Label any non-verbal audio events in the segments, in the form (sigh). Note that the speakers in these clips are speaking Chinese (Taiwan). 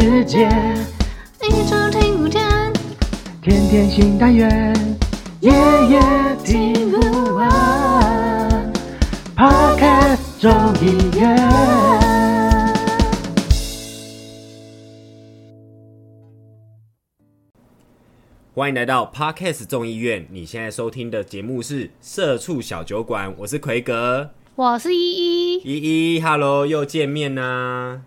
世界一直聽不見，天天新單元，夜夜聽不完。不完啊、Podcast 眾議院，歡迎來到 Podcast 眾議院。你現在收聽的節目是《社畜小酒館》，我是奎格，我是依依依依。Hello，又見面啦、啊！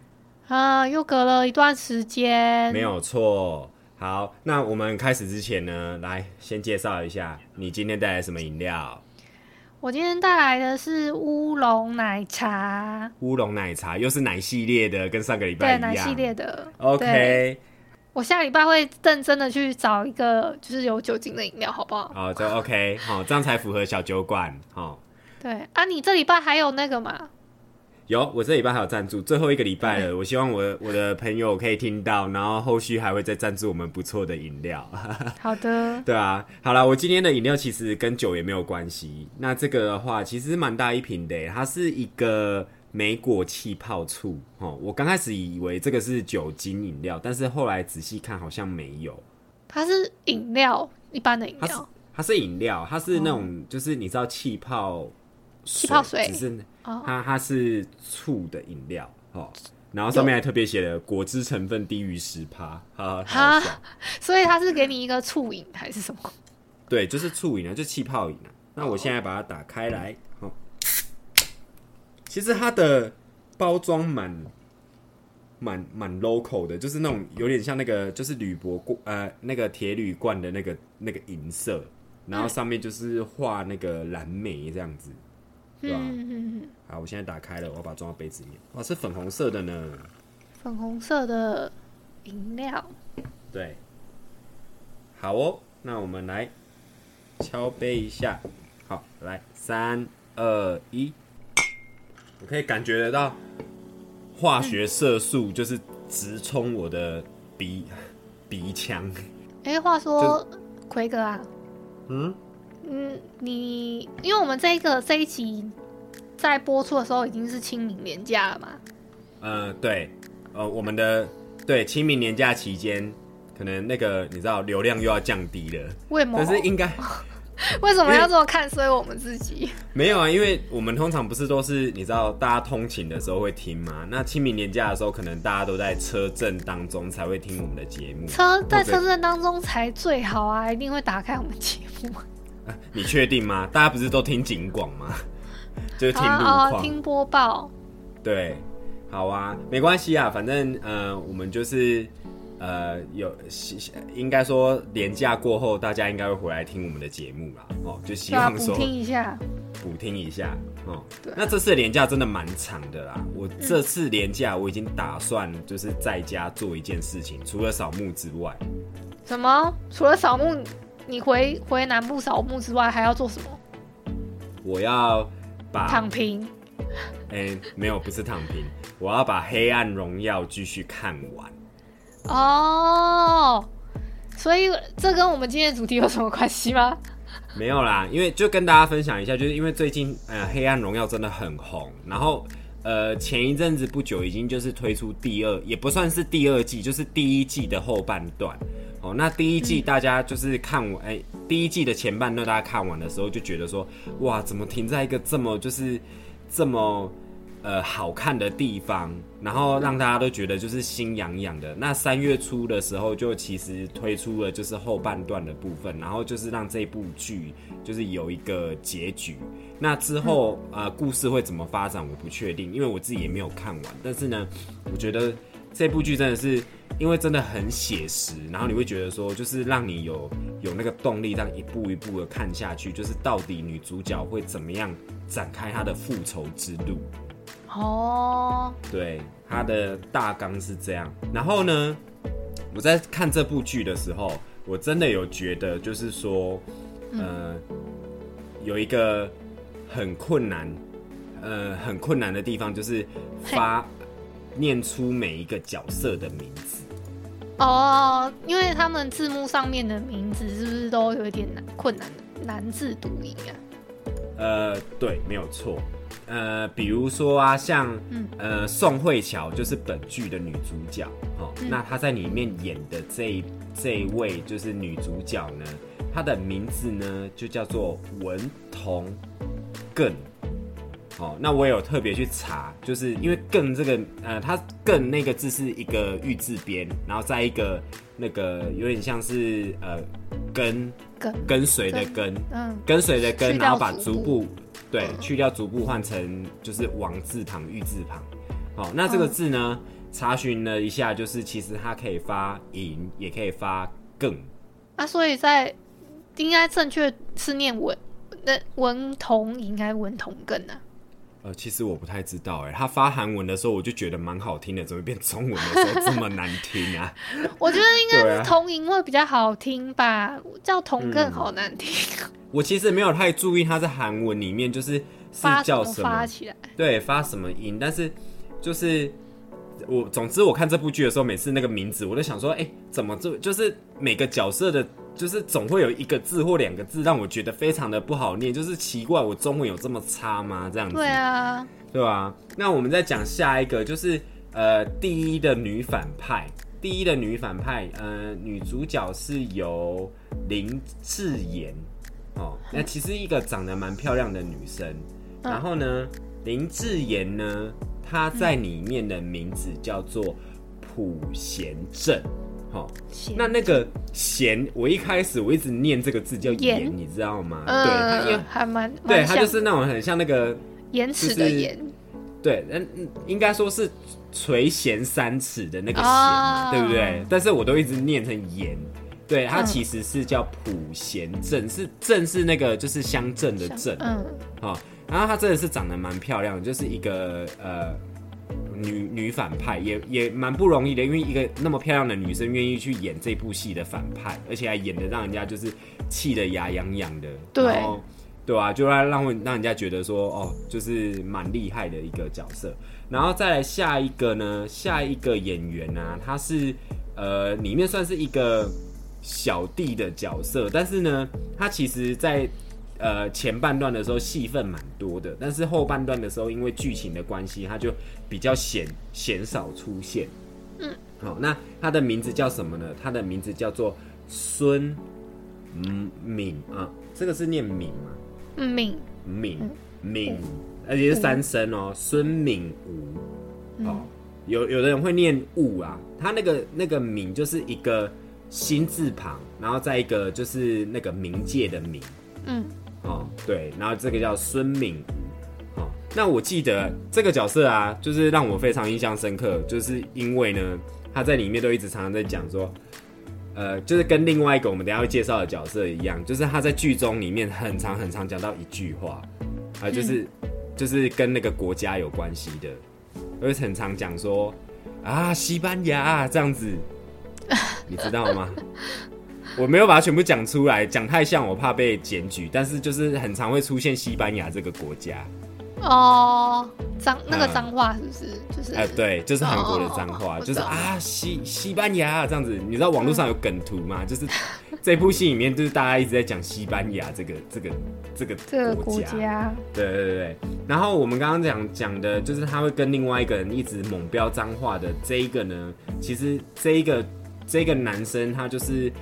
啊、呃！又隔了一段時間，沒有錯。好，那我們開始之前呢，來先介紹一下你今天帶來什麼飲料。我今天帶來的是烏龍奶茶。烏龍奶茶又是奶系列的，跟上個禮拜一樣。對，奶系列的，OK。我下禮拜會認真的去找一個就是有酒精的飲料，好不好？好、哦，就 OK。 (laughs) 好、哦，這樣才符合小酒館。好、哦。對啊，你這禮拜還有那個嗎？有，我這禮拜還有贊助，最後一個禮拜了、嗯。我希望我我的朋友可以聽到，然後後續還會再贊助我們不錯的飲料。好的。 (laughs) 對啊，好啦，我今天的飲料其實跟酒也沒有關係。那這個的話，其實蠻大一瓶的，它是一個莓果氣泡醋哦。我剛開始以為這個是酒精飲料，但是後來仔細看好像沒有，它是飲料、嗯，一般的飲料。它是飲料，它是那種、哦、就是你知道氣泡氣泡水，只是。它它是醋的飲料哦，然後上面還特別寫了果汁成分低於十趴，啊，所以它是給你一個醋飲還是什麼？對，就是醋飲啊，就氣泡飲啊。那我現在把它打開來，oh. 其實它的包裝蠻蠻蠻 local 的，就是那種有點像那個就是鋁箔罐呃，那個鐵鋁罐的那個那個銀色，然後上面就是畫那個藍莓這樣子。嗯嗯好，我現在打開了，我要把它裝到杯子裡面。哦，是粉紅色的呢，粉紅色的飲料。對，好哦，那我們來敲杯一下。好，來三二一，我可以感覺得到化學色素就是直沖我的鼻、嗯、鼻腔。哎、欸，話說奎格啊，嗯？嗯，你因為我們這一個這一集在播出的時候已經是清明年假了嘛？呃，對，呃，我們的對清明年假期間，可能那個你知道流量又要降低了，為什麼？可是應該為什麼要這麼看衰我們自己？沒有啊，因為我們通常不是都是你知道大家通勤的時候會聽嗎？那清明年假的時候，可能大家都在車陣當中才會聽我們的節目，車在車陣當中才最好啊，一定會打開我們節目。 (laughs) 你確定嗎？ (laughs) 大家不是都聽警廣嗎？ (laughs) 就是聽播、oh, oh, oh,、聽播報。對，好啊，沒關係啊，反正呃，我們就是呃，有應該說連假過後，大家應該會回來聽我們的節目啦。哦、喔，就希望說補聽一下。補、啊、聽一下，哦、喔。那這次連假真的蠻長的啦。我這次連假我已經打算就是在家做一件事情，嗯、除了掃墓之外。什麼？除了掃墓？嗯你回回南部掃墓之外，還要做什麼？我要把躺平。哎、欸，沒有，不是躺平， (laughs) 我要把《黑暗榮耀》繼續看完。哦、oh，所以這跟我們今天的主題有什麼關係嗎？沒有啦，因為就跟大家分享一下，就是因為最近呃《黑暗榮耀》真的很紅，然後呃前一陣子不久已經就是推出第二，也不算是第二季，就是第一季的後半段。那第一季大家就是看完，哎、欸，第一季的前半段大家看完的時候就覺得說，哇，怎麼停在一個這麼就是這麼呃好看的地方，然後讓大家都覺得就是心癢癢的。那三月初的時候就其實推出了就是後半段的部分，然後就是讓這部劇就是有一個結局。那之後呃故事會怎麼發展我不確定，因為我自己也沒有看完。但是呢，我覺得這部劇真的是。因為真的很寫實，然後你會覺得說，就是讓你有有那個動力，讓一步一步的看下去，就是到底女主角會怎麼樣展開她的復仇之路。哦、oh.，對，她的大綱是這樣。然後呢，我在看這部劇的時候，我真的有覺得，就是說，呃，有一個很困難，嗯、呃，很困難的地方，就是發。Hey. 念出每一個角色的名字哦，因為他們字幕上面的名字是不是都有一點難、困難難字讀音啊？呃，對，沒有錯。呃，比如說啊，像、嗯、呃宋慧喬就是本劇的女主角，哦嗯，那她在裡面演的這一這一位就是女主角呢，她的名字呢就叫做文同珢。哦，那我也有特別去查，就是因為“更”這個，呃，它“更”那個字是一個玉字邊，然後再一個那個有點像是呃“跟”跟跟隨的“跟”，跟隨的“跟、嗯”，然後把部“足、嗯、部”對去掉“足部”，換成就是“王字旁玉字旁”哦。好，那這個字呢，嗯、查詢了一下，就是其實它可以發“銀”，也可以發“更”。那、啊、所以在應該正確是念文“文，文、啊”，那“文同”應該“文同更”呢？呃，其實我不太知道哎，他發韓文的時候我就覺得蠻好聽的，怎麼變中文的時候這麼難聽啊？ (laughs) 我覺得應該是同音會比較好聽吧，叫同更好難聽、嗯。我其實沒有太注意他在韓文裡面就是是叫什麼，發什麼發起來，對，發什麼音，但是就是我總之我看這部劇的時候，每次那個名字我都想說，哎、欸，怎麼做？就是每個角色的。就是總會有一個字或兩個字讓我覺得非常的不好念，就是奇怪，我中文有這麼差嗎？這樣子。對啊，對吧、啊？那我們再講下一個，就是呃，第一的女反派，第一的女反派，呃，女主角是由林智妍哦，那、呃嗯、其實一個長得蠻漂亮的女生，嗯、然後呢，林智妍呢，她在裡面的名字叫做普賢正。哦、那那個“咸”，我一開始我一直念這個字叫“鹽”，你知道嗎？嗯對，嗯、對，還蠻對它就是那種很像那個“鹽、就是”遲的“鹽”，對，嗯，應該說是垂涎三尺的那個弦“咸、哦”，對不對？但是我都一直念成“鹽”，對它其實是叫普賢鎮，是鎮是那個就是鄉鎮的鎮“鎮”好、嗯哦，然後它真的是長得蠻漂亮的，就是一個呃。女女反派也也蠻不容易的，因為一個那麼漂亮的女生願意去演這部戲的反派，而且還演得讓人家就是氣得牙癢癢的，對，對啊，就讓讓讓人家覺得說哦，就是蠻厲害的一個角色。然後再來下一個呢，下一個演員啊，他是呃裡面算是一個小弟的角色，但是呢，他其實，在。呃，前半段的時候戲份蠻多的，但是後半段的時候，因為劇情的關係，它就比較顯顯少出現。嗯，好、哦，那他的名字叫什麼呢？他的名字叫做孫嗯，敏啊，這個是念敏嗎？敏敏敏，而且是三聲哦，孫敏吾。哦，嗯、有有的人會念物啊，他那個那個敏就是一個心字旁，然後再一個就是那個冥界的冥。嗯。哦，對，然後這個叫孫敏，哦，那我記得這個角色啊，就是讓我非常印象深刻，就是因為呢，他在裡面都一直常常在講說，呃，就是跟另外一個我們等一下會介紹的角色一樣，就是他在劇中裡面很常、很常講到一句話，啊、呃，就是就是跟那個國家有關係的，就是很常講說啊，西班牙這樣子，你知道嗎？ (laughs) 我沒有把它全部講出來，講太像我怕被檢舉，但是就是很常會出現西班牙這個國家，哦，髒那個髒話是不是？就是哎、呃、對，就是韓國的髒話、哦，就是、哦、啊西西班牙這樣子，你知道網絡上有梗圖嗎？嗯、就是這部戲裡面就是大家一直在講西班牙這個這個這個這個國家，對對對對，然後我們剛剛講講的就是他會跟另外一個人一直猛飆髒話的這一個呢，其實這一個這個男生他就是。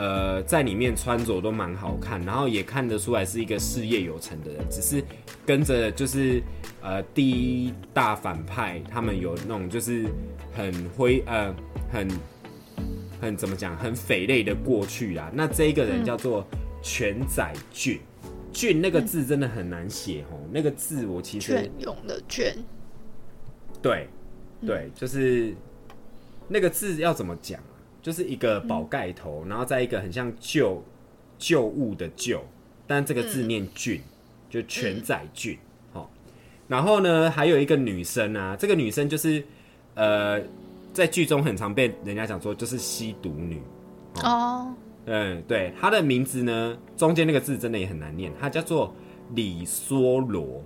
呃，在裡面穿着都蠻好看，然後也看得出來是一個事業有成的人。只是跟着就是呃，第一大反派他們有那種就是很灰呃，很很怎麼講，很匪類的過去啊。那這一個人叫做全宰雋，雋、嗯、那個字真的很難寫哦。嗯、那個字我其實雋永的雋，對對、嗯，就是那個字要怎麼講？就是一個寶蓋頭、嗯，然後再一個很像舊舊物的舊，但這個字念俊、嗯，就全仔俊、嗯哦。然後呢，還有一個女生啊，這個女生就是呃，在劇中很常被人家講說就是吸毒女哦，哦，嗯，對，她的名字呢，中間那個字真的也很難念，她叫做李梭羅。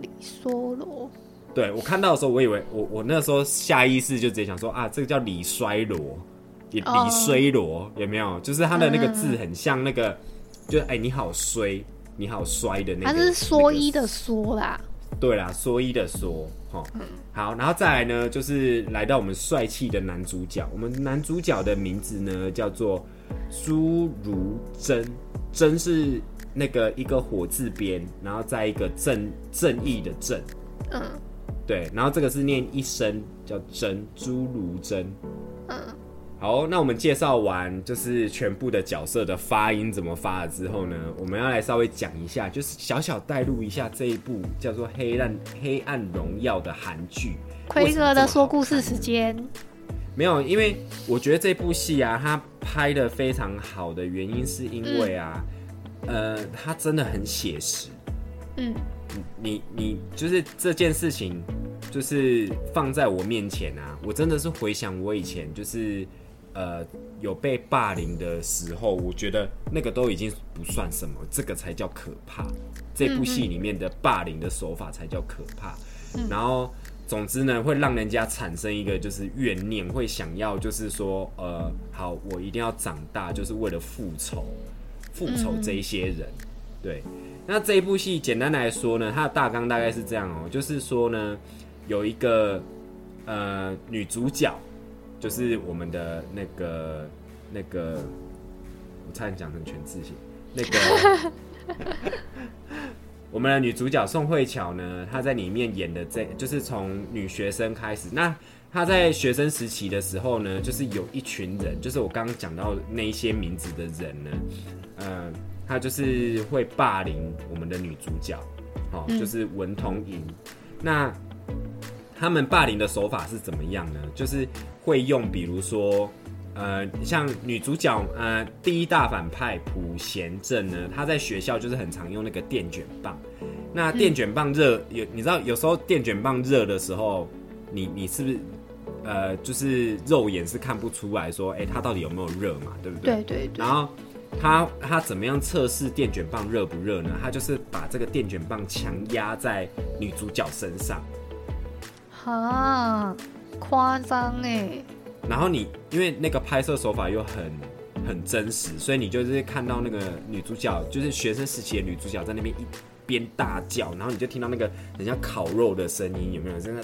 李梭羅，對，我看到的時候，我以為我我那時候下意識就直接想說啊，這個叫李衰羅。也比蓑羅，oh, 有沒有？就是他的那個字很像那個，嗯、就哎、欸、你好衰，你好衰的那個。他是蓑衣的蓑啦。對啦，蓑衣的蓑、嗯、好，然後再來呢，就是來到我們帥氣的男主角。我們男主角的名字呢叫做朱如真，真是那個一個火字邊，然後再一個正正義的正。嗯。對，然後這個是念一聲叫真朱如真。嗯。好，那我們介紹完就是全部的角色的發音怎麼發了之後呢，我們要來稍微講一下，就是小小帶入一下這一部叫做《黑暗》、《黑暗榮耀》的韓劇。奎格的說故事時間，沒有，因為我覺得這部戲啊，它拍得非常好的原因是因為啊，嗯、呃，它真的很寫實。嗯，你你就是這件事情，就是放在我面前啊，我真的是回想我以前就是。呃，有被霸凌的時候，我覺得那個都已經不算什麼，這個才叫可怕。這部戲裡面的霸凌的手法才叫可怕。嗯、然後，總之呢，會讓人家產生一個就是怨念，會想要就是說，呃，好，我一定要長大，就是為了復仇，復仇這一些人、嗯。對，那這一部戲簡單來說呢，它的大綱大概是這樣哦，就是說呢，有一個呃女主角。就是我們的那個那個，我差點講成全智賢。那個 (laughs) (laughs) 我們的女主角宋慧喬呢，她在裡面演的這，這就是從女學生開始。那她在學生時期的時候呢，就是有一群人，就是我剛剛講到那一些名字的人呢，嗯、呃，他就是會霸凌我們的女主角，哦、喔嗯，就是文同珢。那他們霸凌的手法是怎麼樣呢？就是。會用，比如說，呃，像女主角呃，第一大反派朴妍珍呢，她在學校就是很常用那個電卷棒。那電卷棒熱、嗯、有，你知道有時候電卷棒熱的時候，你你是不是呃，就是肉眼是看不出來說，哎、欸，它到底有沒有熱嘛，對不對？對對，對。然後她她怎麼樣測試電卷棒熱不熱呢？她就是把這個電卷棒強壓在女主角身上。好啊。誇張哎！然後你因為那個拍攝手法又很很真實，所以你就是看到那個女主角，就是學生時期的女主角在那邊一邊大叫，然後你就聽到那個很像烤肉的聲音，有沒有？真的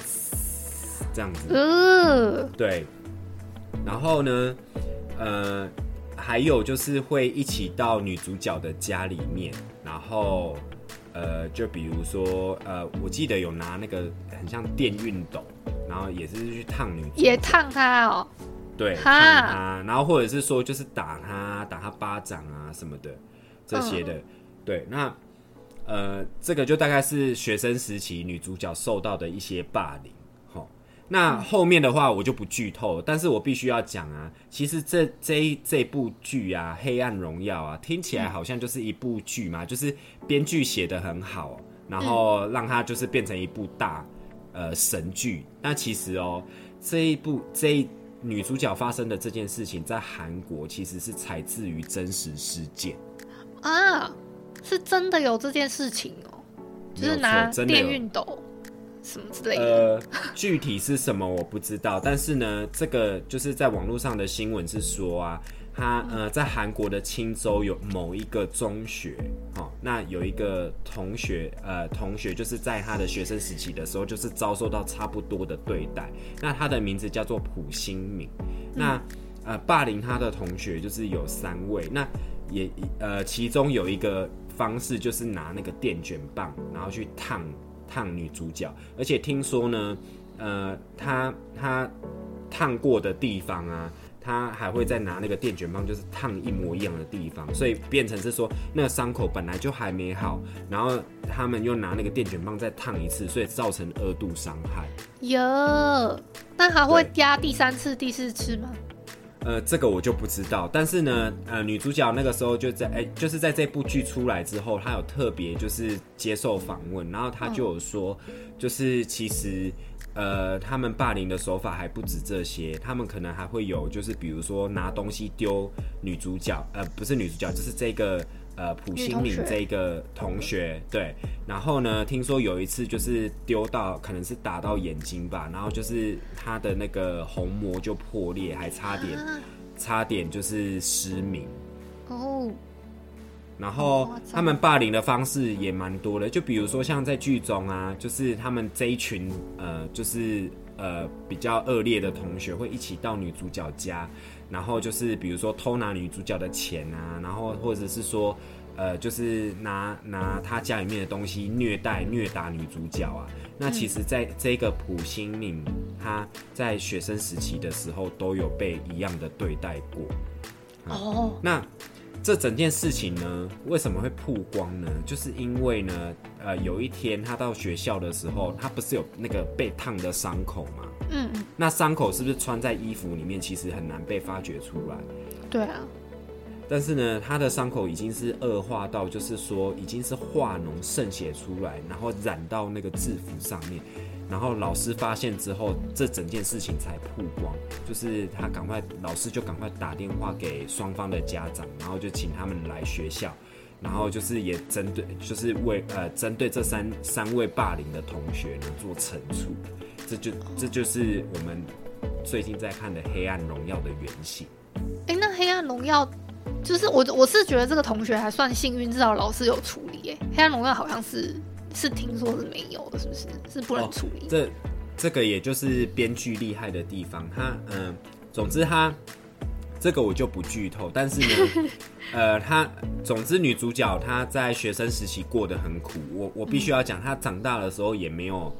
這樣子？對。然後呢，呃，還有就是會一起到女主角的家裡面，然後呃，就比如說呃，我記得有拿那個很像電熨斗。然後也是去燙女主角，也燙她哦。對，他燙她，然後或者是說就是打她，打她巴掌啊什麼的這些的。嗯、對，那呃，這個就大概是學生時期女主角受到的一些霸凌。好、哦，那、嗯、後面的話我就不劇透，但是我必須要講啊。其實這這這部劇啊，《黑暗榮耀》啊，聽起來好像就是一部劇嘛，嗯、就是編劇寫得很好，然後讓它就是變成一部大。呃，神劇。那其實哦、喔，這一部這一女主角發生的這件事情，在韓國其實是採自於真實事件啊，是真的有這件事情哦、喔，就是拿電熨斗什麼之類的、呃。具體是什麼我不知道， (laughs) 但是呢，這個就是在網絡上的新聞是說啊。他呃，在韓國的清州有某一個中學，哦，那有一個同學，呃，同學就是在他的學生時期的時候，就是遭受到差不多的對待。那他的名字叫做朴星民。那呃，霸凌他的同學就是有三位。那也呃，其中有一個方式就是拿那個電捲棒，然後去燙燙女主角。而且聽說呢，呃，他他，他燙過的地方啊。他還會再拿那個電卷棒，就是燙一模一樣的地方，所以變成是說那個傷口本來就還沒好，然後他們又拿那個電卷棒再燙一次，所以造成二度傷害。有，那還會加第三次、第四次嗎？呃，這個我就不知道。但是呢，呃，女主角那個時候就在，哎、欸，就是在這部劇出來之後，她有特別就是接受訪問，然後她就有說，就是其實。呃，他們霸凌的手法還不止這些，他們可能還會有，就是比如說拿東西丟女主角，呃，不是女主角，就是這個呃普心敏這個同學，對。然後呢，聽說有一次就是丟到，可能是打到眼睛吧，然後就是他的那個虹膜就破裂，還差點，差點就是失明。哦，oh. 然後他們霸凌的方式也蠻多的，就比如說像在劇中啊，就是他們這一群呃，就是呃比較惡劣的同學會一起到女主角家，然後就是比如說偷拿女主角的錢啊，然後或者是說呃，就是拿拿她家裡面的東西虐待、虐打女主角啊。嗯、那其實，在這個普新敏他在學生時期的時候，都有被一樣的對待過。啊、哦，那。這整件事情呢，為什麼會曝光呢？就是因為呢，呃，有一天他到學校的時候，他不是有那個被燙的傷口嗎？嗯，那傷口是不是穿在衣服裡面，其實很難被發掘出來？對啊。但是呢，他的傷口已經是惡化到，就是說已經是化膿滲血出來，然後染到那個制服上面。然後老師發現之後，這整件事情才曝光。就是他趕快，老師就趕快打電話給雙方的家長，然後就請他們來學校，然後就是也針對，就是為呃針對這三三位霸凌的同學呢做懲處。這就這就是我們最近在看的《黑暗榮耀》的原型。哎，那《黑暗榮耀》。就是我，我是覺得這個同學還算幸運，至少老師有處理。誒，《黑暗榮耀》好像是是聽說是沒有的，是不是？是不能處理。哦，這這個也就是編劇厲害的地方。他，嗯，呃，總之他這個我就不劇透。但是呢， (laughs) 呃，他總之女主角她在學生時期過得很苦。我我必須要講，她長大的時候也沒有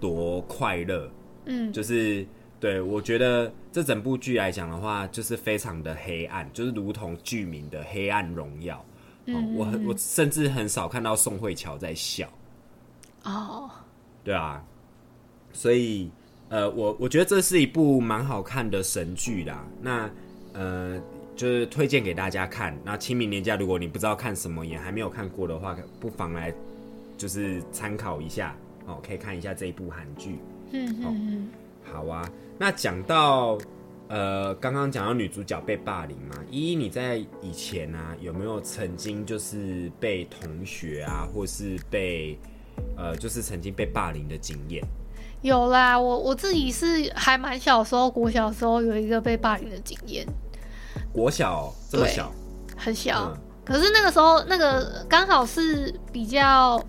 多快樂。嗯，就是對我覺得。這整部劇來講的話，就是非常的黑暗，就是如同劇名的《黑暗榮耀》嗯哦。我我甚至很少看到宋慧喬在笑。哦。對啊。所以，呃，我我覺得這是一部蠻好看的神劇啦。那，呃，就是推薦給大家看。那清明年假，如果你不知道看什麼，也還沒有看過的話，不妨來就是參考一下哦，可以看一下這一部韓劇。嗯嗯，嗯。哦好啊，那講到，呃，剛剛講到女主角被霸凌嘛，依依，你在以前啊，有沒有曾經就是被同學啊，或是被，呃，就是曾經被霸凌的經驗？有啦，我我自己是還蠻小時候，國小時候有一個被霸凌的經驗。國小這麼小，很小，嗯，可是那個時候那個剛好是比較，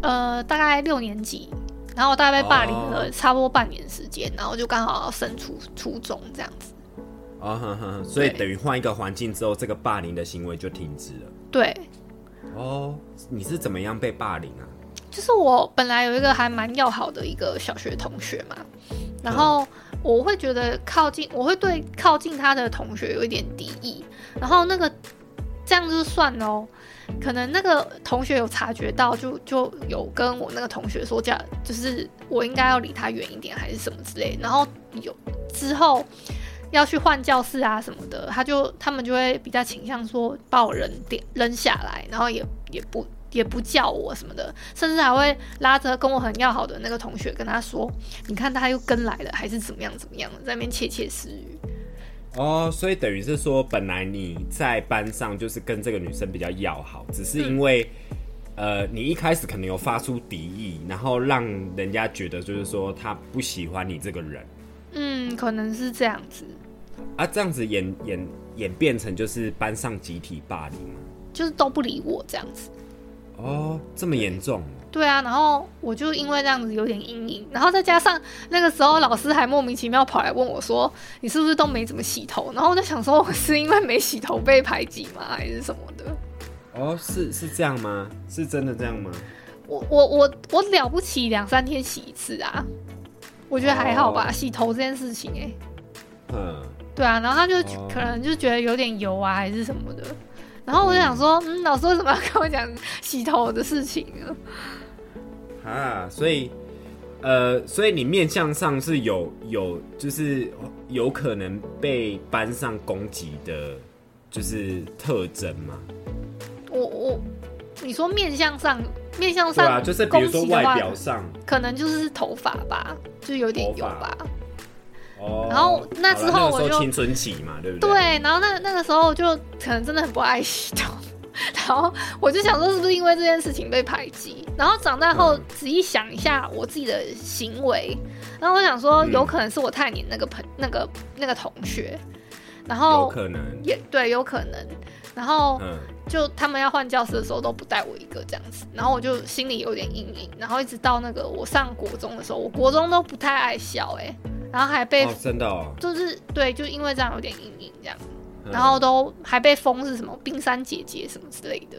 呃，大概六年級。然後我大概被霸凌了差不多半年時間，oh. 然後就剛好要升初初中這樣子。哦、oh, oh, oh, oh.，所以等於換一個環境之後，這個霸凌的行為就停止了。對。哦、oh,，你是怎麼樣被霸凌啊？就是我本來有一個還蠻要好的一個小學同學嘛，然後我會覺得靠近，我會對靠近他的同學有一點敵意，然後那個這樣子算哦。可能那個同學有察覺到就，就就有跟我那個同學說這樣，講就是我應該要離他遠一點，還是什麼之類。然後有之後要去換教室啊什麼的，他就他們就會比較傾向說把我扔點扔下來，然後也也不也不叫我什麼的，甚至還會拉着跟我很要好的那個同學跟他說，你看他又跟來了，還是怎麼樣怎麼樣，在那邊竊竊私語。哦，所以等於是說，本來你在班上就是跟這個女生比較要好，只是因為，嗯，呃，你一開始可能有發出敵意，然後讓人家覺得就是說他不喜歡你這個人。嗯，可能是這樣子。啊，這樣子演演演變成就是班上集體霸凌嗎？就是都不理我這樣子。哦，這麼嚴重？對啊，然後我就因為這樣子有點陰影，然後再加上那個時候老師還莫名其妙跑來問我，說你是不是都沒怎麼洗頭？然後我就想，說我是因為沒洗頭被排擠嗎，還是什麼的？哦，是是這樣嗎？是真的這樣嗎？我我我我了不起，兩三天洗一次啊，我覺得還好吧，哦、洗頭這件事情、欸，哎，嗯，對啊，然後他就、哦、可能就覺得有點油啊，還是什麼的。然後我就想說嗯，嗯，老師為什麼要跟我講洗頭的事情啊？啊，所以，呃，所以你面相上是有有，就是有可能被班上攻擊的，就是特徵嗎？我、哦、我、哦，你說面相上，面相上、啊，就是比如說外表上，可能就是頭髮吧，就有點油吧。然後那之後我就、那個、青春期嘛，對不對？對，然後那那個時候就可能真的很不愛洗澡， (laughs) 然後我就想說是不是因為這件事情被排擠？然後長大後仔細想一下我自己的行為，嗯、然後我想說有可能是我太黏那個朋、嗯、那個那個同學，然後有可能也對，有可能，然後就他們要換教室的時候都不帶我一個這樣子，然後我就心裡有點陰影，然後一直到那個我上國中的時候，我國中都不太愛笑、欸，哎。然後還被、哦，真的，哦，就是對，就因為這樣有點陰影這樣，嗯，然後都還被封是什麼冰山姐姐什麼之類的。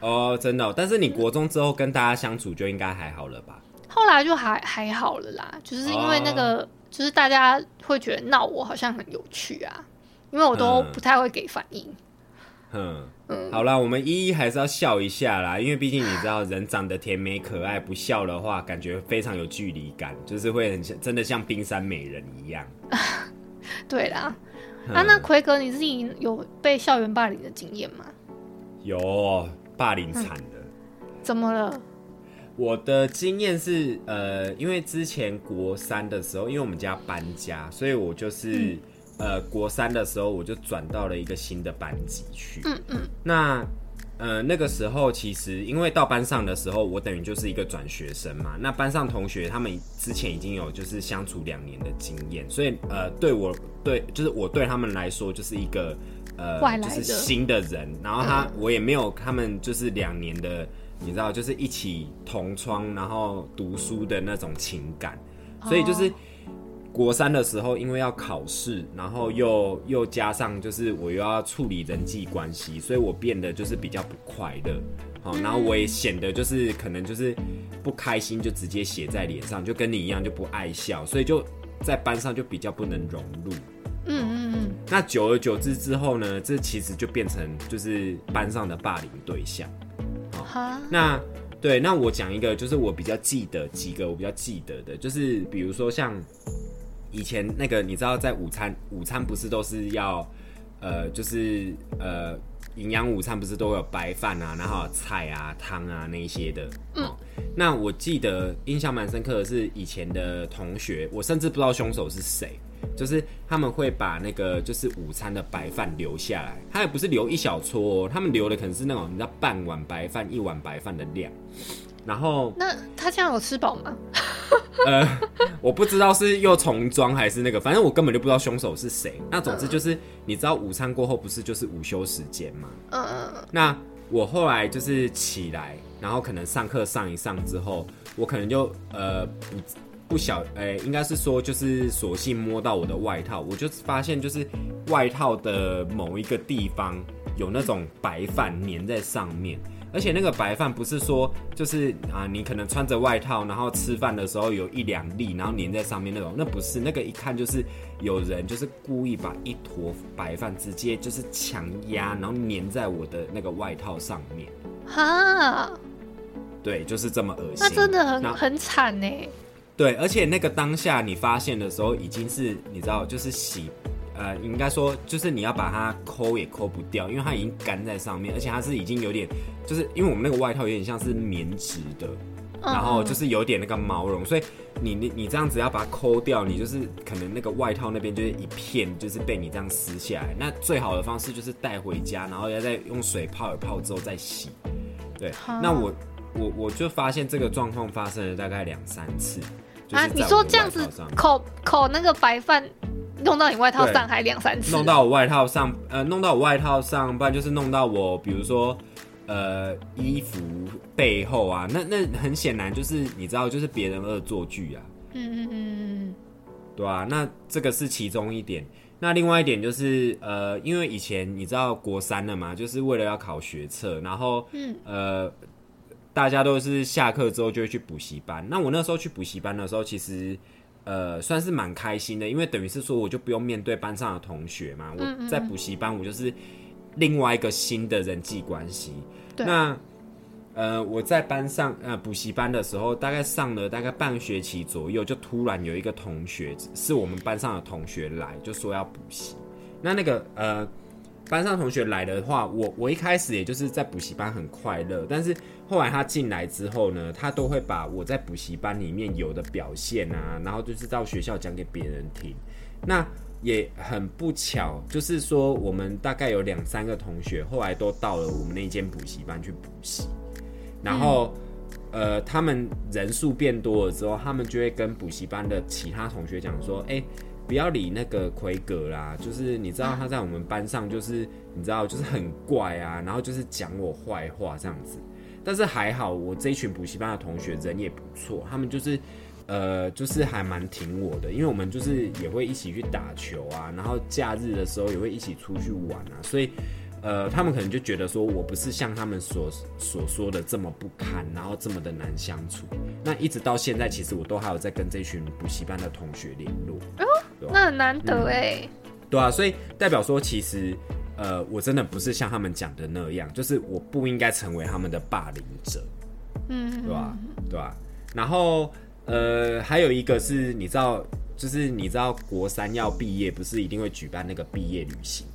哦，真的，哦，但是你國中之後跟大家相處就應該還好了吧？嗯，後來就還還好了啦，就是因為那個，哦，就是大家會覺得鬧我好像很有趣啊，因為我都不太會給反應。嗯哼嗯，好啦，我們依依還是要笑一下啦，因為畢竟你知道，人長得甜美可愛，不笑的話，感覺非常有距離感，就是會很像真的像冰山美人一樣。啊、對啦，啊，那奎格，你自己有被校園霸凌的經驗嗎？有，霸凌慘的、嗯。怎麼了？我的經驗是，呃，因為之前國三的時候，因為我們家搬家，所以我就是。嗯呃，國三的時候我就轉到了一個新的班級去。嗯嗯。那，呃，那個時候其實因為到班上的時候，我等於就是一個轉學生嘛。那班上同學他們之前已經有就是相處兩年的經驗，所以呃，對我對就是我對他們來說就是一個呃，就是新的人。然後他、嗯、我也沒有他們就是兩年的，你知道，就是一起同窗然後讀書的那種情感，所以就是。哦國三的時候，因為要考試，然後又又加上就是我又要處理人際關係，所以我變得就是比較不快樂，好，然後我也顯得就是可能就是不開心，就直接寫在臉上，就跟你一樣就不愛笑，所以就在班上就比較不能融入。嗯，嗯嗯，那久而久之之後呢，這其實就變成就是班上的霸凌對象。好，哈那對，那我講一個就是我比較記得幾個我比較記得的，就是比如說像。以前那個你知道，在午餐，午餐不是都是要，呃，就是呃，營養午餐不是都會有白飯啊，然後菜啊、湯啊那一些的。嗯、哦。那我記得印象蠻深刻的是，以前的同學，我甚至不知道凶手是誰，就是他們會把那個就是午餐的白飯留下來，他也不是留一小撮哦，他們留的可能是那種你知道半碗白飯、一碗白飯的量。然後，那他這樣有吃飽嗎？ (laughs) 呃，我不知道是又重裝還是那個，反正我根本就不知道兇手是誰。那總之就是，呃、你知道午餐過後不是就是午休時間嗎？嗯、呃、嗯。那我後來就是起來，然後可能上課上一上之後，我可能就呃不不曉，哎、欸，應該是說就是索性摸到我的外套，我就發現就是外套的某一個地方有那種白飯粘在上面。而且那個白飯不是說就是啊，你可能穿着外套，然後吃飯的時候有一兩粒，然後粘在上面的那種，那不是那個，一看就是有人就是故意把一坨白飯直接就是強壓，然後粘在我的那個外套上面。哈，對，就是這麼噁心，那真的很很慘耶。對，而且那個當下你發現的時候，已經是你知道，就是洗。呃，應該說就是你要把它摳也摳不掉，因為它已經乾在上面，而且它是已經有點，就是因為我們那個外套有點像是棉質的、嗯，然後就是有點那個毛絨，所以你你你這樣子要把它摳掉，你就是可能那個外套那邊就是一片就是被你這樣撕下來。那最好的方式就是帶回家，然後要再用水泡一泡之後再洗。對，嗯、那我我我就發現這個狀況發生了大概兩三次。就是、啊，你說這樣子摳摳那個白飯？弄到你外套上還兩三次，弄到我外套上，呃，弄到我外套上，不然就是弄到我，比如說，呃，衣服背後啊，那那很顯然就是你知道，就是別人惡作劇啊。嗯嗯嗯嗯嗯，對啊，那這個是其中一點。那另外一點就是，呃，因為以前你知道國三了嘛，就是為了要考學測，然後，嗯，呃，大家都是下課之後就會去補習班。那我那時候去補習班的時候，其實呃，算是蠻開心的，因為等於是說我就不用面對班上的同學嘛。嗯嗯，我在補習班，我就是另外一個新的人際關係。對。那呃，我在班上呃補習班的時候，大概上了大概半學期左右，就突然有一個同學是我們班上的同學來，就說要補習。那那個呃。班上同學來的話，我我一開始也就是在補習班很快樂，但是後來他進來之後呢，他都會把我在補習班裡面有的表現啊，然後就是到學校講給別人聽。那也很不巧，就是說我們大概有兩三個同學後來都到了我們那間補習班去補習，然後、嗯、呃，他們人數變多了之後，他們就會跟補習班的其他同學講說，誒、欸。不要理那個奎格啦，就是你知道他在我們班上，就是你知道就是很怪啊，然後就是講我壞話這樣子。但是還好，我這一群補習班的同學人也不錯，他們就是呃就是還蠻挺我的，因為我們就是也會一起去打球啊，然後假日的時候也會一起出去玩啊，所以。呃，他們可能就覺得說我不是像他們所所說的這麼不堪，然後這麼的難相處。那一直到現在，其實我都還有在跟這群補習班的同學聯絡。哦，那很難得哎、嗯。對啊，所以代表說，其實呃，我真的不是像他們講的那樣，就是我不應該成為他們的霸凌者。嗯，對吧？對吧、對啊。然後呃，還有一個是你知道，就是你知道，國三要畢業，不是一定會舉辦那個畢業旅行。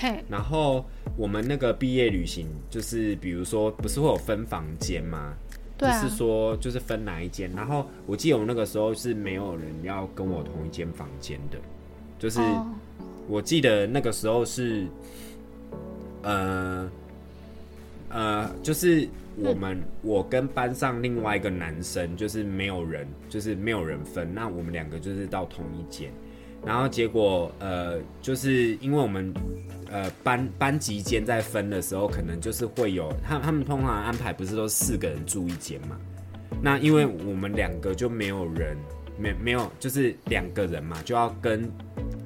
Hey. 然後我們那個畢業旅行，就是比如說不是會有分房間嗎？對啊，就是說就是分哪一間。然後我記得我那個時候是沒有人要跟我同一間房間的，就是我記得那個時候是，Oh. 呃呃，就是我們是我跟班上另外一個男生，就是沒有人，就是沒有人分，那我們兩個就是到同一間。然後結果，呃，就是因為我們，呃，班班級間在分的時候，可能就是會有他他們通常安排不是都四個人住一間嘛？那因為我們兩個就沒有人，沒沒有，就是兩個人嘛，就要跟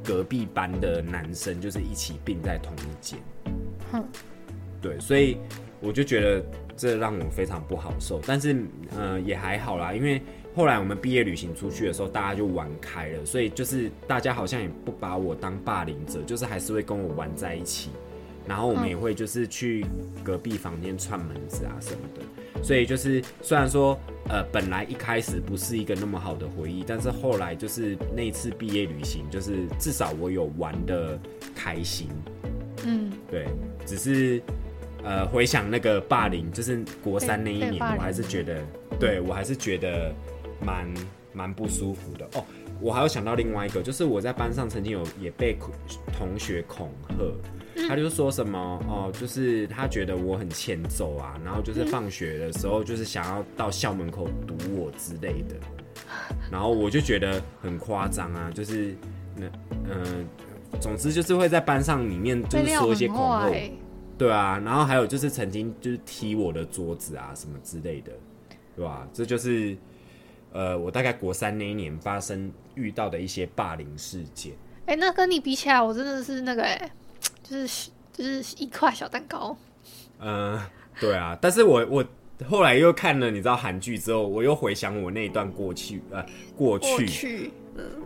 隔壁班的男生就是一起併在同一間。嗯。對，所以我就覺得這讓我非常不好受，但是，呃，也還好啦，因為。後來我們畢業旅行出去的時候，大家就玩開了，所以就是大家好像也不把我當霸凌者，就是還是會跟我玩在一起。然後我們也會就是去隔壁房間串門子啊什麼的。所以就是雖然說呃本來一開始不是一個那麼好的回憶，但是後來就是那次畢業旅行，就是至少我有玩得開心。嗯，對，只是呃回想那個霸凌，就是國三那一年，我還是覺得，對我還是覺得。蠻蠻不舒服的哦，我還有想到另外一個，就是我在班上曾經有也被同學恐嚇，他就說什麼哦，就是他覺得我很欠揍啊，然後就是放學的時候就是想要到校門口堵我之類的，然後我就覺得很誇張啊，就是那嗯、呃，總之就是會在班上裡面就是說一些恐嚇，對啊，然後還有就是曾經就是踢我的桌子啊什麼之類的，對吧、啊？這就是。呃，我大概國三那一年發生遇到的一些霸凌事件。哎、欸，那跟你比起來，我真的是那個哎，就是就是一塊小蛋糕。嗯、呃，對啊。但是我我後來又看了你知道韓劇之後，我又回想我那一段過去呃過去。過去。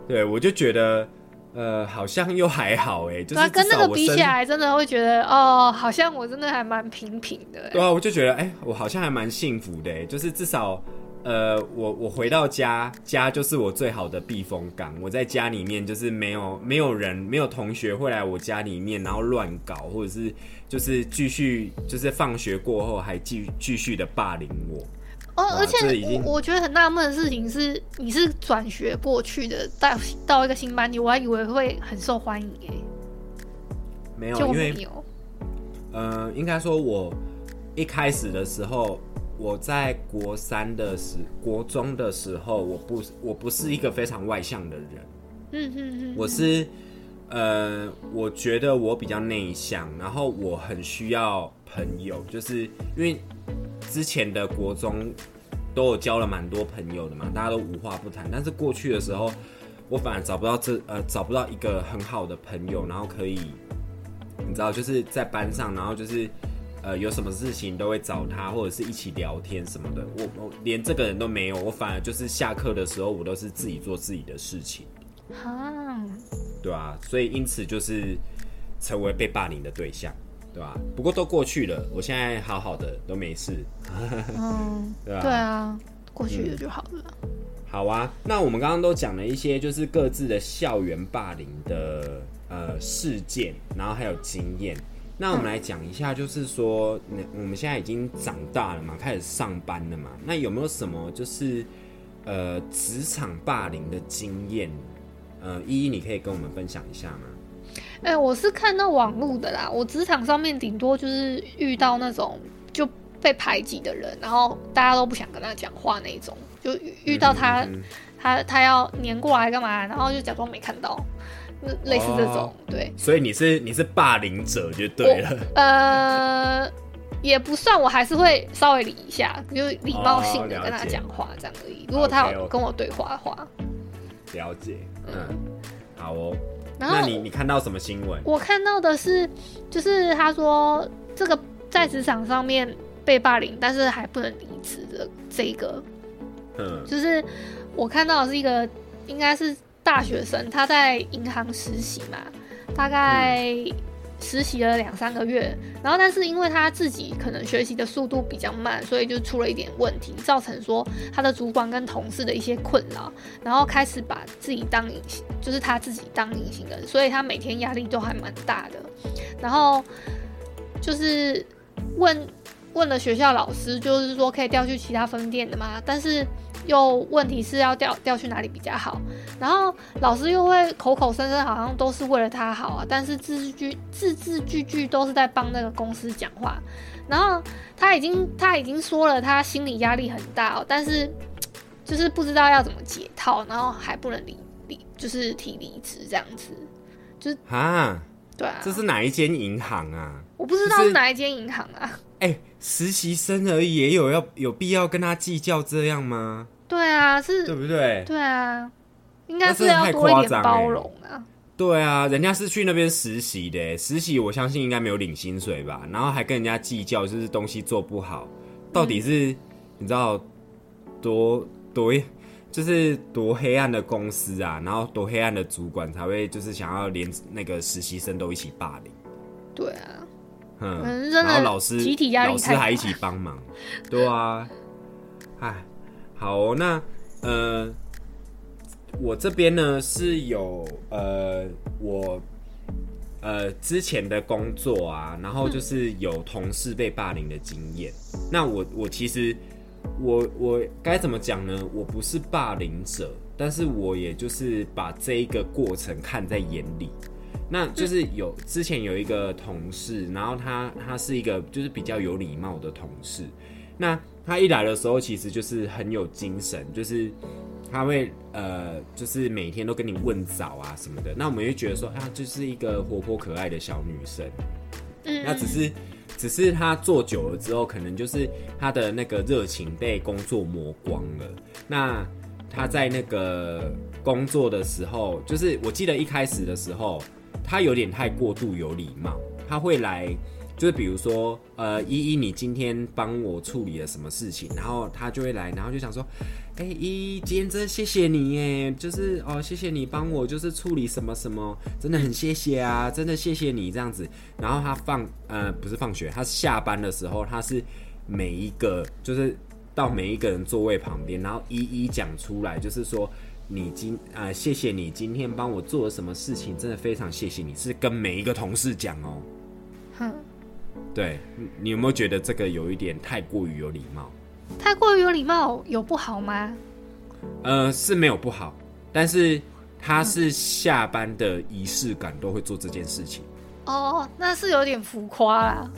對，我就覺得呃好像又還好哎，就是我跟那個比起來，真的會覺得哦，好像我真的還蠻平平的。對啊，我就覺得哎、欸，我好像還蠻幸福的，就是至少。呃，我我回到家，家就是我最好的避風港。我在家裡面就是沒有沒有人，沒有同學會來我家裡面，然後亂搞，或者是就是繼續就是放學過後還繼繼續的霸凌我。哦啊、而且我，我覺得很納悶的事情是，你是轉學過去的，到到一個新班級，我還以為會很受歡迎誒，沒有，就沒有。呃，應該說，我一開始的時候。我在國三的時，國中的時候，我不，我不是一個非常外向的人。嗯嗯嗯，我是，呃，我覺得我比較內向，然後我很需要朋友，就是因為之前的國中都有交了蠻多朋友的嘛，大家都無話不談，但是過去的時候，我反而找不到這，呃，找不到一個很好的朋友，然後可以，你知道，就是在班上，然後就是。呃，有什麼事情都會找他，或者是一起聊天什麼的。我我連這個人都沒有，我反而就是下課的時候，我都是自己做自己的事情。哈、啊，對啊，所以因此就是成為被霸凌的對象，對吧、啊？不過都過去了，我現在好好的都沒事。 (laughs) 啊、嗯，對對啊，過去的就好了、嗯。好啊，那我們剛剛都講了一些就是各自的校園霸凌的呃事件，然後還有經驗。那我們來講一下，就是說、嗯，我們現在已經長大了嘛，開始上班了嘛，那有沒有什麼就是，呃，職場霸凌的經驗？呃，依依，你可以跟我們分享一下嗎？哎、欸，我是看到網絡的啦，我職場上面頂多就是遇到那種就被排擠的人，然後大家都不想跟他講話那種，就遇到他，嗯嗯，他他要黏過來幹嘛，然後就假裝沒看到。類似這種，oh, 對。所以你是你是霸凌者就對了。呃，也不算，我還是會稍微理一下，就是禮貌性的跟他講話這樣而已。Oh, okay, okay. 如果他有跟我對話的話，okay, okay. 了解，嗯。嗯，好哦。然後那你你看到什麼新聞？我看到的是，就是他說這個在職場上面被霸凌，但是還不能離職的這一個。嗯。就是我看到的是一個，應該是。大學生他在銀行實習嘛，大概實習了兩三個月，然後但是因為他自己可能學習的速度比較慢，所以就出了一點問題，造成說他的主管跟同事的一些困擾，然後開始把自己當隱形，就是他自己當隱形的人，所以他每天壓力都還蠻大的，然後就是問問了學校老師，就是說可以調去其他分店的嗎？但是。又問題是要調調去哪裡比較好，然後老師又會口口聲聲好像都是為了他好啊，但是字句字字句句都是在幫那個公司講話。然後他已經他已經說了他心理壓力很大哦，但是就是不知道要怎麼解套，然後還不能離離就是提離職這樣子，就是啊，對啊，這是哪一間銀行啊？我不知道是哪一間銀行啊。哎，就是欸，實習生而已，也有要有必要跟他計較這樣嗎？對啊，是對不對？對啊，應該是，是太誇張了，欸，包容啊。對啊，人家是去那邊實習的，欸，實習我相信應該沒有領薪水吧？然後還跟人家計較，就是東西做不好，到底是，嗯、你知道多多，就是多黑暗的公司啊？然後多黑暗的主管才會就是想要連那個實習生都一起霸凌？對啊，嗯，然後老師老師還一起幫忙？ (laughs) 對啊，哎。好哦，那呃，我這邊呢是有呃，我呃之前的工作啊，然後就是有同事被霸凌的經驗。那我我其實我我該怎麼講呢？我不是霸凌者，但是我也就是把這一個過程看在眼裡。那就是有之前有一個同事，然後他他是一個就是比較有禮貌的同事，那。他一來的時候，其實就是很有精神，就是他會呃，就是每天都跟你問早啊什麼的。那我們就覺得說，啊，就是一個活潑可愛的小女生。嗯。那只是，只是他做久了之後，可能就是他的那個熱情被工作磨光了。那他在那個工作的時候，就是我記得一開始的時候，他有點太過度有禮貌，他會來。就是比如說，呃，依依，你今天幫我處理了什麼事情？然後他就會來，然後就想說，哎、欸，依依，今天真的謝謝你耶，就是哦，謝謝你幫我，就是處理什麼什麼，真的很謝謝啊，真的謝謝你這樣子。然後他放，呃，不是放學，他是下班的時候，他是每一個，就是到每一個人座位旁邊，然後一一講出來，就是說你今，呃，謝謝你今天幫我做了什麼事情，真的非常謝謝你，是跟每一個同事講哦。好、嗯。對，你有沒有覺得這個有一點太過於有禮貌？太過於有禮貌有不好嗎？呃，是沒有不好，但是他是下班的儀式感都會做這件事情。嗯、哦，那是有點浮誇啦、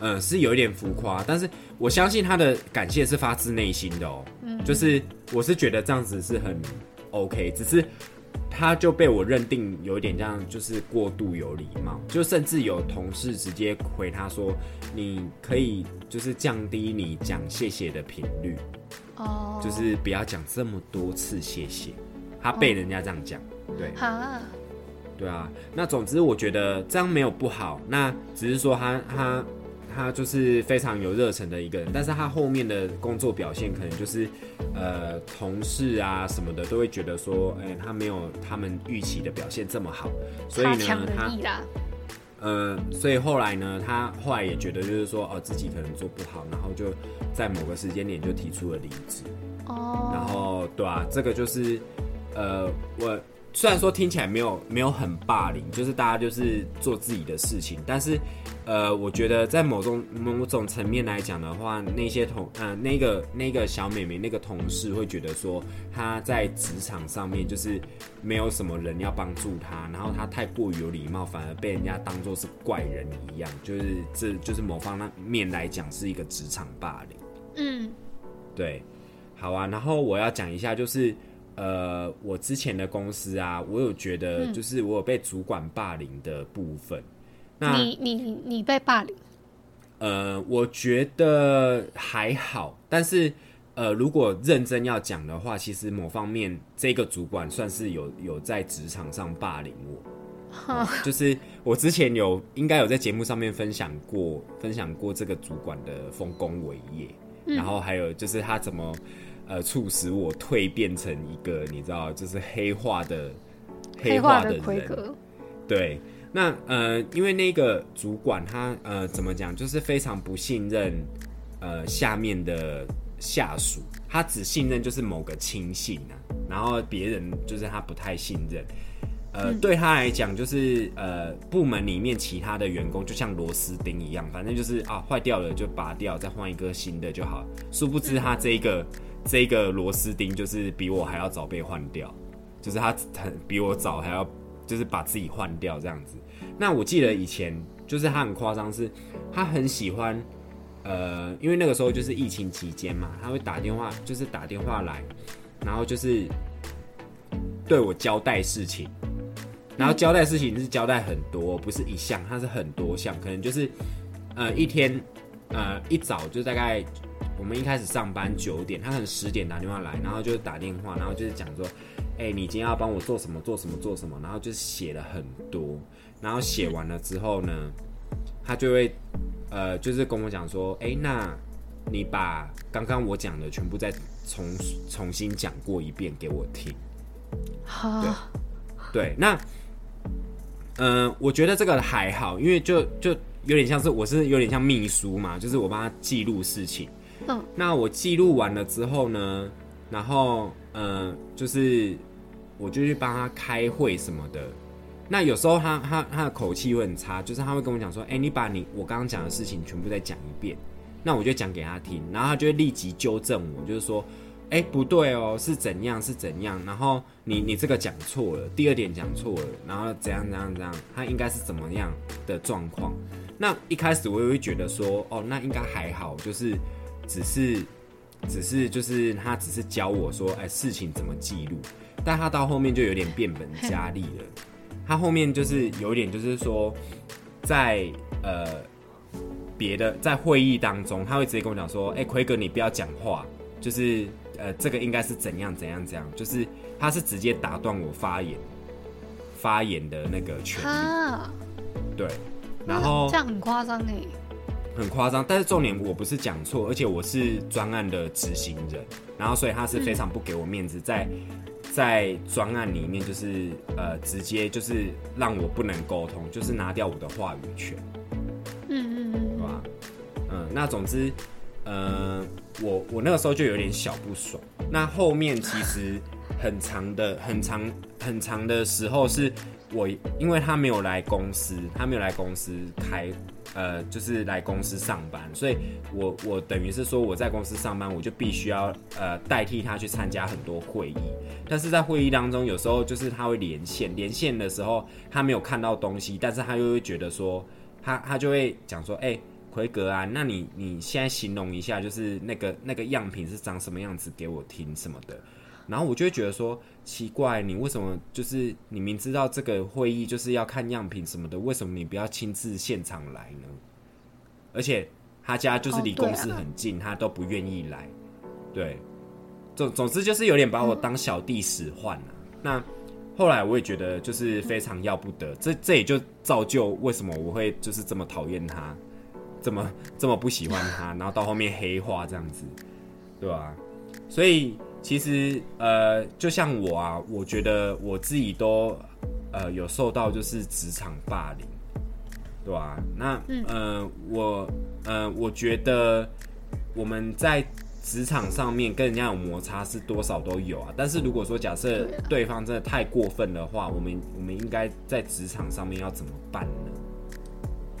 嗯。呃，是有一點浮誇，但是我相信他的感謝是發自內心的哦。嗯，就是我是覺得這樣子是很 OK，只是。他就被我認定有點這樣，就是過度有禮貌，就甚至有同事直接回他說：“你可以就是降低你講謝謝的頻率，哦、oh.，就是不要講這麼多次謝謝。”他被人家這樣講，oh. 對，好啊，對啊。那總之我覺得這樣沒有不好，那只是說他他。他就是非常有熱忱的一個人，但是他後面的工作表現可能就是，呃，同事啊什麼的都會覺得說，哎、欸，他沒有他們預期的表現這麼好的，所以呢，他，呃，所以後來呢，他後來也覺得就是說，哦，自己可能做不好，然後就在某個時間點就提出了離職，哦，然後對啊，這個就是，呃，我。雖然說聽起來沒有沒有很霸凌，就是大家就是做自己的事情，但是，呃，我覺得在某種某種層面來講的話，那些同啊、呃、那個那個小美眉那個同事會覺得說她在職場上面就是沒有什麼人要幫助她，然後她太過於有禮貌，反而被人家當作是怪人一樣，就是這就是某方面來講是一個職場霸凌。嗯，對，好啊，然後我要講一下就是。呃，我之前的公司啊，我有覺得就是我有被主管霸凌的部分。嗯、那，你你你被霸凌？呃，我覺得還好，但是呃，如果認真要講的話，其實某方面這個主管算是有有在職場上霸凌我。嗯嗯、就是我之前有應該有在節目上面分享過分享過這個主管的豐功偉業，嗯、然後還有就是他怎麼。呃，促使我蛻變成一個你知道，就是黑化的黑化的、黑化的人。對，那呃，因為那個主管他呃，怎麼講，就是非常不信任、嗯、呃下面的下屬，他只信任就是某個親信啊，然後別人就是他不太信任。呃，嗯、對他來講，就是呃部門裡面其他的員工，就像螺絲釘一樣，反正就是啊壞掉了就拔掉，再換一個新的就好。殊不知他這個。嗯這個螺絲釘就是比我還要早被換掉，就是他很比我早還要，就是把自己換掉這樣子。那我記得以前就是他很誇張，是他很喜歡，呃，因為那個時候就是疫情期間嘛，他會打電話，就是打電話來，然後就是對我交代事情，然後交代事情是交代很多，不是一項，他是很多項，可能就是呃一天，呃一早就大概。我們一開始上班九點，他可能十點打電話來，然後就打電話，然後就是講說，哎，你今天要幫我做什麼，做什麼，做什麼，然後就寫了很多，然後寫完了之後呢，他就會，呃，就是跟我講說，哎，那，你把剛剛我講的全部再重重新講過一遍給我聽。好，對，那，嗯，我覺得這個還好，因為就就有點像是我是有點像秘書嘛，就是我幫他記錄事情。Oh. 那我記錄完了之後呢，然後呃，就是我就去幫他開會什麼的。那有時候他他他的口氣會很差，就是他會跟我講說：“欸，你把你我剛剛講的事情全部再講一遍。”那我就講給他聽，然後他就會立即糾正我，就是說：“欸，不對哦，是怎樣是怎樣？然後你你這個講錯了，第二點講錯了，然後怎樣怎樣怎樣？他應該是怎麼樣的狀況？”那一開始我也會覺得說：“哦，那應該還好。”就是。只是，只是就是他只是教我說，哎、欸，事情怎麼記錄？但他到後面就有點變本加厲了。他後面就是有點，就是說，在呃別的在會議當中，他會直接跟我講說，哎、欸，奎格，你不要講話，就是呃這個應該是怎樣怎樣怎樣，就是他是直接打斷我發言發言的那個權利。啊、對，然後這樣很誇張誒。很誇張，但是重點我不是講錯，而且我是專案的執行人，然後所以他是非常不給我面子，嗯、在在專案裡面就是呃直接就是讓我不能溝通，就是拿掉我的話語權。嗯嗯嗯，對吧？嗯，那總之，嗯、呃，我我那個時候就有點小不爽。那後面其實很長的、很長、很長的時候，是我因為他沒有來公司，他沒有來公司開。呃，就是來公司上班，所以我，我我等於是說我在公司上班，我就必須要呃代替他去參加很多會議。但是在會議當中，有時候就是他會連線，連線的時候他沒有看到東西，但是他又會覺得說他，他他就會講說，哎、欸，奎格啊，那你你現在形容一下，就是那個那個樣品是長什麼樣子給我聽什麼的。然後我就會覺得說，奇怪，你為什麼就是你明知道這個會議就是要看樣品什麼的，為什麼你不要親自現場來呢？而且他家就是離公司很近，他都不願意來。對，總總之就是有點把我當小弟使喚啊。那後來我也覺得就是非常要不得，這這也就造就為什麼我會就是這麼討厭他，這麼這麼不喜歡他，然後到後面黑化這樣子，對吧，啊？所以。其實，呃，就像我啊，我覺得我自己都，呃，有受到就是職場霸凌，對啊。那、嗯、呃，我呃，我覺得我們在職場上面跟人家有摩擦是多少都有啊。但是如果說假設對方真的太過分的話，我們我們應該在職場上面要怎麼辦呢？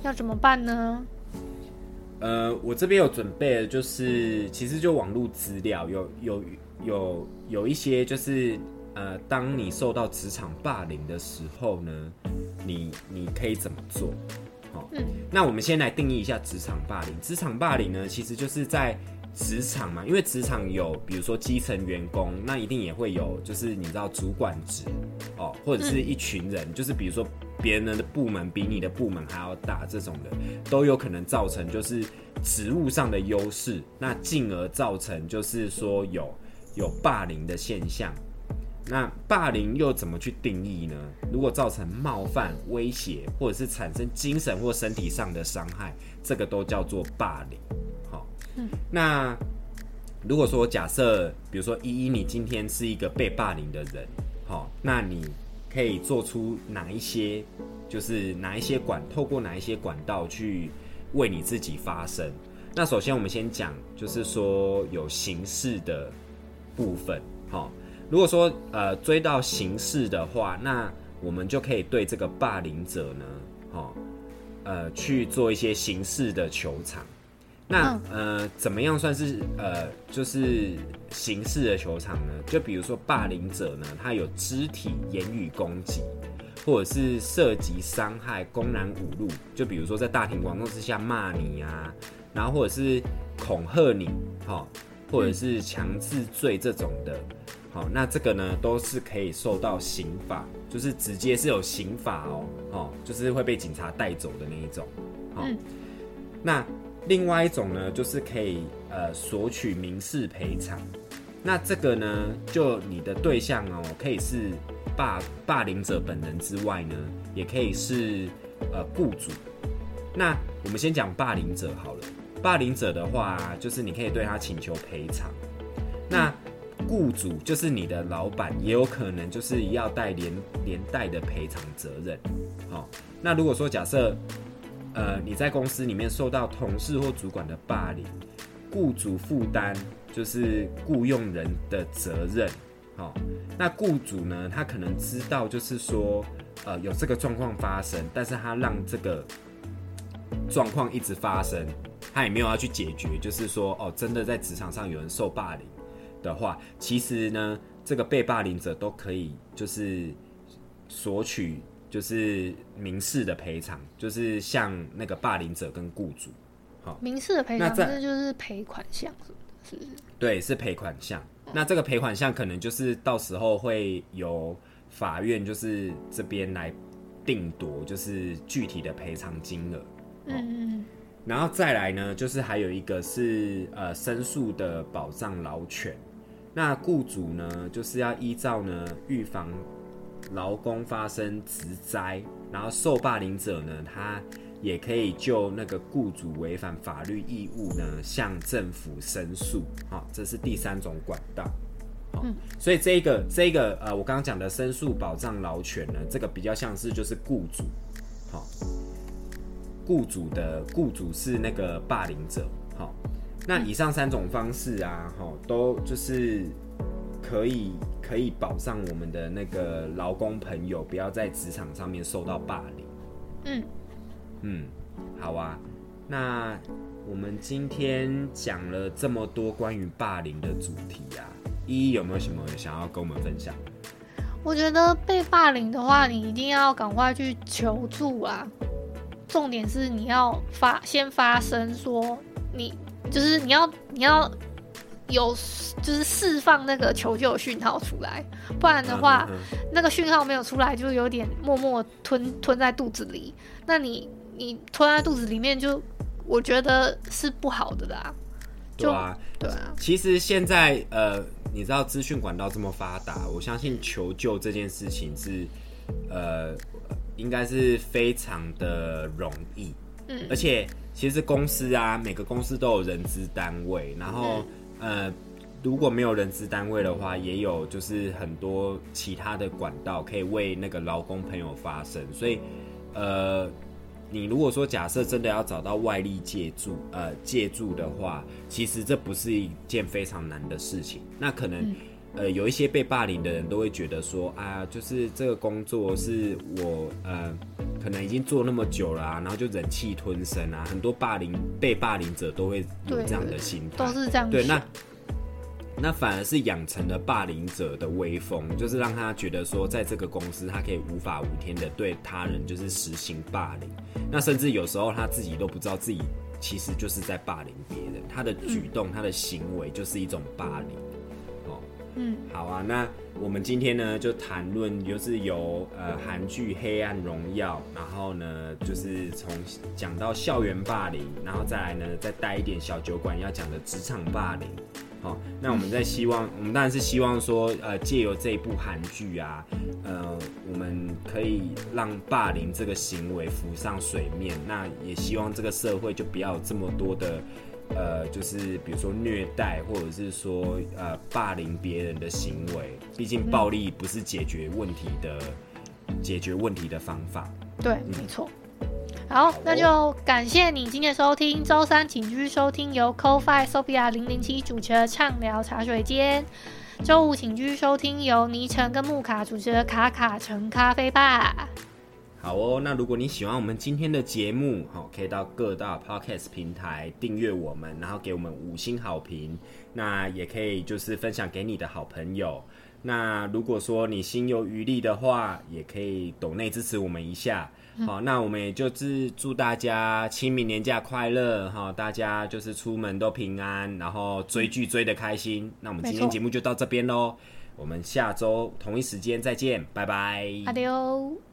要怎麼辦呢？呃，我這邊有準備的就是、嗯、其實就網路資料有有。有有有一些就是呃，當你受到職場霸凌的時候呢，你你可以怎麼做？好、哦嗯，那我們先來定義一下職場霸凌。職場霸凌呢，其實就是在職場嘛，因為職場有比如說基層員工，那一定也會有就是你知道主管職哦，或者是一群人，就是比如說別人的部門比你的部門還要大，這種的都有可能造成就是職務上的優勢，那進而造成就是說有。有霸凌的現象，那霸凌又怎麼去定義呢？如果造成冒犯、威脅，或者是產生精神或身體上的傷害，這個都叫做霸凌。好、哦嗯，那如果說假設，比如說依依，你今天是一個被霸凌的人，好、哦，那你可以做出哪一些，就是哪一些管，透過哪一些管道去為你自己發聲？那首先我們先講，就是說有形式的。部分，哈、哦，如果說呃追到刑事的話，那我們就可以對這個霸凌者呢，哈、哦，呃去做一些刑事的求償。那、哦、呃怎麼樣算是呃就是刑事的求償呢？就比如說霸凌者呢，他有肢體、言語攻擊，或者是涉及傷害、公然侮辱，就比如說在大庭廣眾之下罵你呀、啊，然後或者是恐嚇你，哈、哦。或者是強制罪這種的，好、嗯哦，那這個呢都是可以受到刑法，就是直接是有刑法哦，好、哦，就是會被警察帶走的那一種。好、哦，嗯，那另外一種呢，就是可以呃索取民事賠償。那這個呢，就你的對象哦，可以是霸霸凌者本人之外呢，也可以是呃僱主。那我們先講霸凌者好了。霸凌者的話，就是你可以對他請求賠償。那雇主就是你的老闆，也有可能就是要帶連連帶的賠償責任。好、哦，那如果說假設，呃，你在公司裡面受到同事或主管的霸凌，雇主負擔就是雇傭人的責任。好、哦，那雇主呢，他可能知道就是說，呃，有這個狀況發生，但是他讓這個狀況一直發生。他也沒有要去解決，就是說哦，真的在職場上有人受霸凌的話，其實呢，這個被霸凌者都可以就是索取，就是民事的賠償，就是向那個霸凌者跟雇主，哦、民事的賠償。那這就是賠款項什麼的，是不是？對，是賠款項。那這個賠款項可能就是到時候會由法院就是這邊來定奪，就是具體的賠償金額、哦。嗯嗯。然後再來呢，就是還有一個是呃申訴的保障勞權，那雇主呢就是要依照呢預防勞工發生職災，然後受霸凌者呢，他也可以就那個雇主違反法律義務呢向政府申訴，好、哦，這是第三種管道，好、哦嗯，所以這個這個呃我剛剛講的申訴保障勞權呢，這個比較像是就是雇主，好、哦。雇主的雇主是那個霸凌者，好。那以上三種方式啊，齁，都就是可以可以保障我們的那個勞工朋友不要在職場上面受到霸凌。嗯嗯，好啊。那我們今天講了這麼多關於霸凌的主題啊，依依有沒有什麼想要跟我們分享？我覺得被霸凌的話，你一定要趕快去求助啊。重點是你要發先發聲，說你就是你要你要有就是釋放那個求救訊號出來，不然的話，那個訊號沒有出來，就有點默默吞吞在肚子裡。那你你吞在肚子裡面，就我覺得是不好的啦。對啊，對啊。其實現在呃，你知道資訊管道這麼發達，我相信求救這件事情是呃。應該是非常的容易，而且其實公司啊，每個公司都有人資單位，然後呃，如果沒有人資單位的話，也有就是很多其他的管道可以為那個勞工朋友發聲，所以呃，你如果說假設真的要找到外力借助呃借助的話，其實這不是一件非常難的事情，那可能。呃，有一些被霸凌的人都會覺得說，啊，就是這個工作是我，呃，可能已經做那麼久了啊，然後就忍氣吞聲啊。很多霸凌被霸凌者都會有這樣的心態，對對對都是這樣。對，那那反而是養成了霸凌者的威風，就是讓他覺得說，在這個公司他可以無法無天的對他人就是實行霸凌。那甚至有時候他自己都不知道自己，其實就是在霸凌別人。他的舉動，嗯、他的行為，就是一種霸凌。嗯，好啊，那我們今天呢就談論，就，就是由呃韓劇《黑暗榮耀》，然後呢就是從講到校園霸凌，然後再來呢再帶一點小酒館要講的職場霸凌，好、哦，那我們在希望、嗯，我們當然是希望說，呃，借由這一部韓劇啊，呃，我們可以讓霸凌這個行為浮上水面，那也希望這個社會就不要有這麼多的。呃，就是比如說虐待，或者是說呃霸凌別人的行為，畢竟暴力不是解決問題的、嗯、解決問題的方法。對，嗯、沒錯。好，好、哦，那就感謝你今天收聽。週三請繼續收聽由 Cofi Sophia 零零七主持的暢聊茶水間。週五請繼續收聽由倪晨跟木卡主持的卡卡成咖啡吧。好哦，那如果你喜歡我們今天的節目，好、哦，可以到各大 podcast 平台訂閱我們，然後給我們五星好評。那也可以就是分享給你的好朋友。那如果說你心有餘力的話，也可以抖內支持我們一下。好、哦、嗯，那我們也就是祝大家清明年假快樂哈、哦，大家就是出門都平安，然後追劇追得開心。那我們今天節目就到這邊嘍，我們下週同一時間再見，拜拜，的嘍。